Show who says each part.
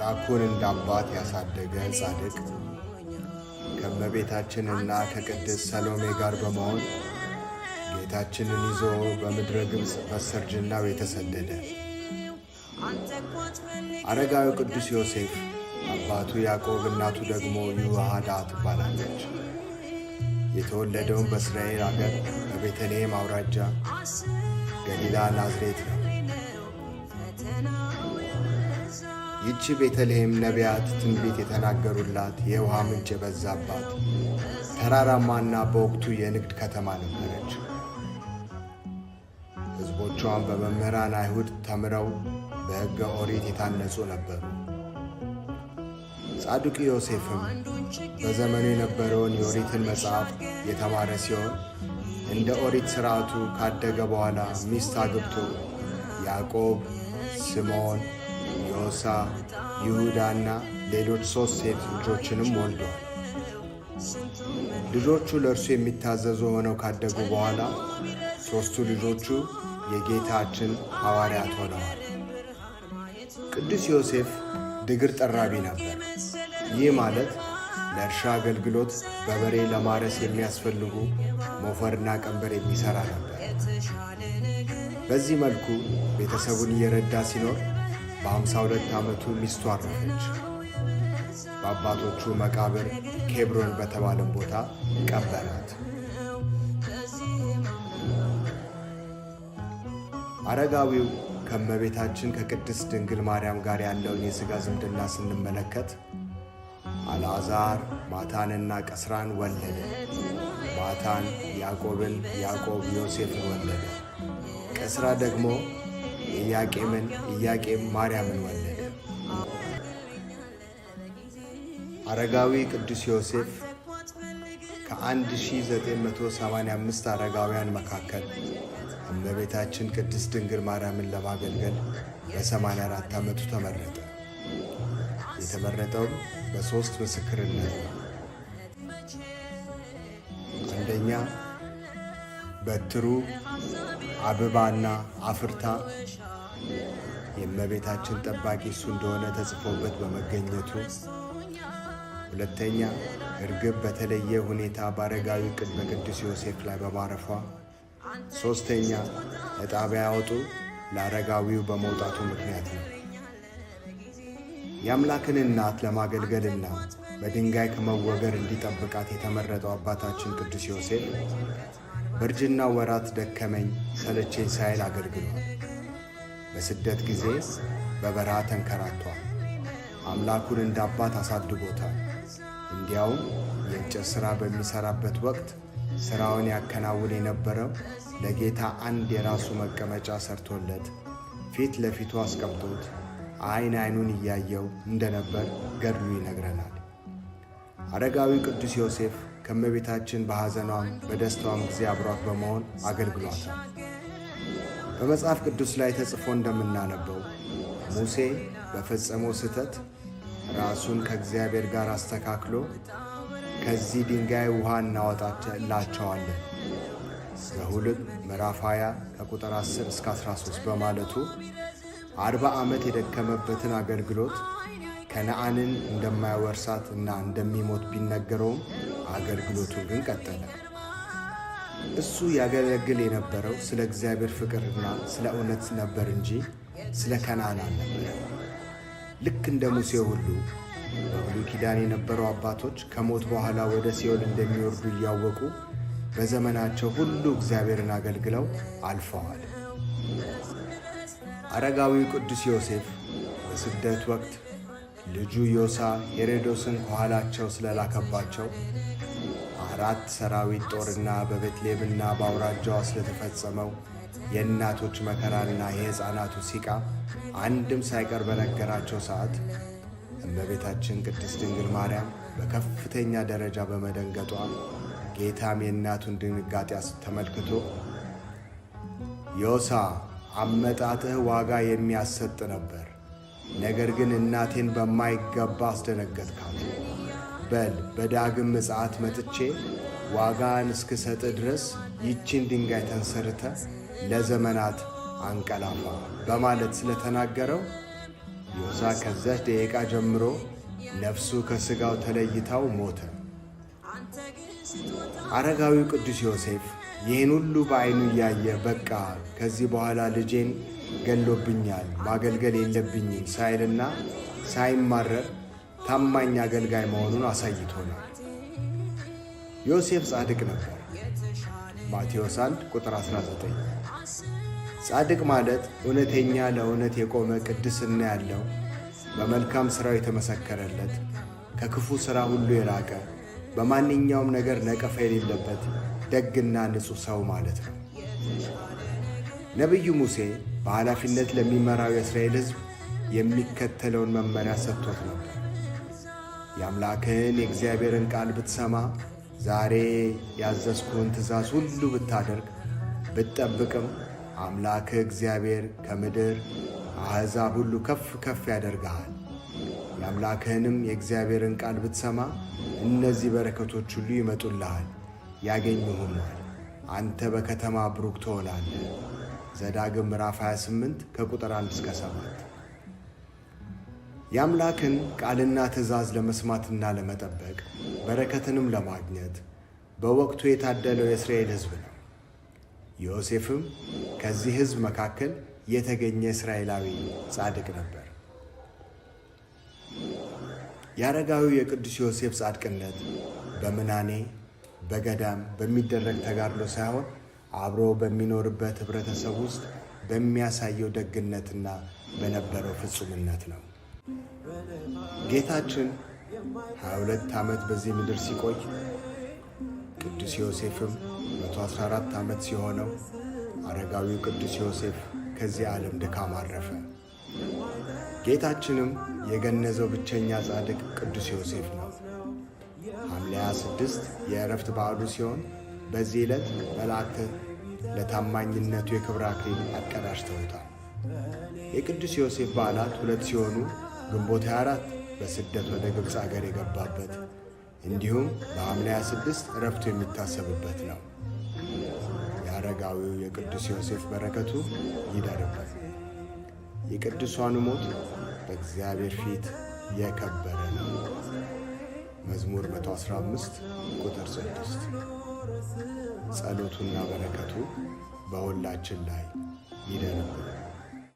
Speaker 1: ላኩን እንደ አባት ያሳደገ ጻድቅ ከመቤታችንና ከቅድስት ሰሎሜ ጋር በመሆን ጌታችንን ይዞ በምድረ ግብፅ በስርጅናው የተሰደደ አረጋዊ ቅዱስ ዮሴፍ አባቱ ያዕቆብ እናቱ ደግሞ ይሁዳ ትባላለች። የተወለደውን በእስራኤል አገር በቤተልሔም አውራጃ ገሊላ ናዝሬት ነው። ይቺ ቤተልሔም ነቢያት ትንቢት የተናገሩላት የውሃ ምንጭ የበዛባት ተራራማና በወቅቱ የንግድ ከተማ ነበረች። ሕዝቦቿን በመምህራን አይሁድ ተምረው በሕገ ኦሪት የታነጹ ነበሩ። ጻዱቅ ዮሴፍም በዘመኑ የነበረውን የኦሪትን መጽሐፍ የተማረ ሲሆን እንደ ኦሪት ሥርዓቱ ካደገ በኋላ ሚስት አግብቶ ያዕቆብ፣ ስምዖን ዮሳ፣ ይሁዳና ሌሎች ሦስት ሴት ልጆችንም ወልዷል። ልጆቹ ለእርሱ የሚታዘዙ ሆነው ካደጉ በኋላ ሦስቱ ልጆቹ የጌታችን ሐዋርያት ሆነዋል። ቅዱስ ዮሴፍ ድግር ጠራቢ ነበር። ይህ ማለት ለእርሻ አገልግሎት በበሬ ለማረስ የሚያስፈልጉ ሞፈርና ቀንበር የሚሠራ ነበር። በዚህ መልኩ ቤተሰቡን እየረዳ ሲኖር በአምሳ ሁለት ዓመቱ ሚስቱ አረፈች። በአባቶቹ መቃብር ኬብሮን በተባለም ቦታ ቀበራት። አረጋዊው ከመቤታችን ከቅድስት ድንግል ማርያም ጋር ያለውን የሥጋ ዝምድና ስንመለከት አልዓዛር ማታንና ቀስራን ወለደ። ማታን ያዕቆብን፣ ያዕቆብ ዮሴፍን ወለደ። ቀስራ ደግሞ ኢያቄምን ኢያቄም ማርያምን ወለደ። አረጋዊ ቅዱስ ዮሴፍ ከ1985 አረጋውያን መካከል እመቤታችን ቅድስት ድንግል ማርያምን ለማገልገል በ84 ዓመቱ ተመረጠ። የተመረጠው በሦስት ምስክርነት ነው። አንደኛ በትሩ አበባና አፍርታ የእመቤታችን ጠባቂ እሱ እንደሆነ ተጽፎበት በመገኘቱ፣ ሁለተኛ እርግብ በተለየ ሁኔታ በአረጋዊ በቅዱስ ዮሴፍ ላይ በማረፏ፣ ሦስተኛ ዕጣ ቢያወጡ ለአረጋዊው በመውጣቱ ምክንያት ነው። የአምላክን እናት ለማገልገልና በድንጋይ ከመወገር እንዲጠብቃት የተመረጠው አባታችን ቅዱስ ዮሴፍ በእርጅና ወራት ደከመኝ ሰለቸኝ ሳይል አገልግሏል። በስደት ጊዜ በበረሃ ተንከራቷል። አምላኩን እንደ አባት አሳድጎታል። እንዲያውም የእንጨት ሥራ በሚሠራበት ወቅት ሥራውን ያከናውን የነበረው ለጌታ አንድ የራሱ መቀመጫ ሰርቶለት ፊት ለፊቱ አስቀምጦት አይን አይኑን እያየው እንደነበር ገድሉ ይነግረናል። አረጋዊ ቅዱስ ዮሴፍ ከመቤታችን በሐዘኗም በደስታዋም ጊዜ አብሯት በመሆን አገልግሏታል። በመጽሐፍ ቅዱስ ላይ ተጽፎ እንደምናነበው ሙሴ በፈጸመው ስህተት ራሱን ከእግዚአብሔር ጋር አስተካክሎ ከዚህ ድንጋይ ውሃ እናወጣላቸዋለን ዘኍልቍ ምዕራፍ 20 ከቁጥር 10 እስከ 13 በማለቱ አርባ ዓመት የደከመበትን አገልግሎት ከነአንን እንደማይወርሳት እና እንደሚሞት ቢነገረውም አገልግሎቱ ግን ቀጠለ። እሱ ያገለግል የነበረው ስለ እግዚአብሔር ፍቅርና ስለ እውነት ነበር እንጂ ስለ ከነዓን አልነበር። ልክ እንደ ሙሴ ሁሉ በብሉይ ኪዳን የነበረው አባቶች ከሞት በኋላ ወደ ሲኦል እንደሚወርዱ እያወቁ በዘመናቸው ሁሉ እግዚአብሔርን አገልግለው አልፈዋል። አረጋዊው ቅዱስ ዮሴፍ በስደት ወቅት ልጁ ዮሳ ሄሮዶስን ከኋላቸው ስለላከባቸው አራት ሰራዊት ጦርና በቤትሌምና በአውራጃዋ ስለተፈጸመው የእናቶች መከራና የሕፃናቱ ሲቃ አንድም ሳይቀር በነገራቸው ሰዓት እመቤታችን ቅድስት ድንግል ማርያም በከፍተኛ ደረጃ በመደንገጧ ጌታም የእናቱን ድንጋጤ ተመልክቶ ዮሳ አመጣጥህ ዋጋ የሚያሰጥ ነበር ነገር ግን እናቴን በማይገባ አስደነገጥካት። በል በዳግም ምጽአት መጥቼ ዋጋን እስክሰጥ ድረስ ይቺን ድንጋይ ተንሰርተ ለዘመናት አንቀላፋ በማለት ስለተናገረው ዮሳ ከዛች ደቂቃ ጀምሮ ነፍሱ ከሥጋው ተለይታው ሞተ። አረጋዊው ቅዱስ ዮሴፍ ይህን ሁሉ በዓይኑ እያየ በቃ ከዚህ በኋላ ልጄን ገሎብኛል ማገልገል የለብኝም ሳይልና ሳይማረር ታማኝ አገልጋይ መሆኑን አሳይቶናል። ዮሴፍ ጻድቅ ነበር። ማቴዎስ 1 ቁጥር 19 ጻድቅ ማለት እውነተኛ ለእውነት የቆመ ቅድስና ያለው በመልካም ሥራው የተመሰከረለት ከክፉ ሥራ ሁሉ የራቀ በማንኛውም ነገር ነቀፋ የሌለበት ደግና ንጹሕ ሰው ማለት ነው። ነቢዩ ሙሴ በኃላፊነት ለሚመራው የእስራኤል ሕዝብ የሚከተለውን መመሪያ ሰጥቶት ነበር። የአምላክህን የእግዚአብሔርን ቃል ብትሰማ፣ ዛሬ ያዘዝኩህን ትእዛዝ ሁሉ ብታደርግ፣ ብትጠብቅም አምላክህ እግዚአብሔር ከምድር አሕዛብ ሁሉ ከፍ ከፍ ያደርግሃል። የአምላክህንም የእግዚአብሔርን ቃል ብትሰማ፣ እነዚህ በረከቶች ሁሉ ይመጡልሃል። ያገኘሁናል። አንተ በከተማ ብሩክ ትሆናለህ። ዘዳግም ምዕራፍ 28 ከቁጥር 1 እስከ 7። የአምላክን ቃልና ትእዛዝ ለመስማትና ለመጠበቅ በረከትንም ለማግኘት በወቅቱ የታደለው የእስራኤል ሕዝብ ነው። ዮሴፍም ከዚህ ሕዝብ መካከል የተገኘ እስራኤላዊ ጻድቅ ነበር። የአረጋዊው የቅዱስ ዮሴፍ ጻድቅነት በምናኔ በገዳም በሚደረግ ተጋድሎ ሳይሆን አብሮ በሚኖርበት ህብረተሰብ ውስጥ በሚያሳየው ደግነትና በነበረው ፍጹምነት ነው። ጌታችን 22 ዓመት በዚህ ምድር ሲቆይ ቅዱስ ዮሴፍም 114 ዓመት ሲሆነው አረጋዊው ቅዱስ ዮሴፍ ከዚህ ዓለም ድካም አረፈ። ጌታችንም የገነዘው ብቸኛ ጻድቅ ቅዱስ ዮሴፍ ነው። 26 የእረፍት በዓሉ ሲሆን በዚህ ዕለት መላእክት ለታማኝነቱ የክብር አክሊል አቀዳጅተውታል። የቅዱስ ዮሴፍ በዓላት ሁለት ሲሆኑ ግንቦት 24 በስደት ወደ ግብፅ አገር የገባበት እንዲሁም በሐምሌ 26 እረፍቱ የሚታሰብበት ነው። የአረጋዊው የቅዱስ ዮሴፍ በረከቱ ይደርበት። የቅዱሷኑ ሞት በእግዚአብሔር ፊት የከበረ ነው። መዝሙር 115 ቁጥር 6 ጸሎቱና በረከቱ በሁላችን ላይ ይደርብን።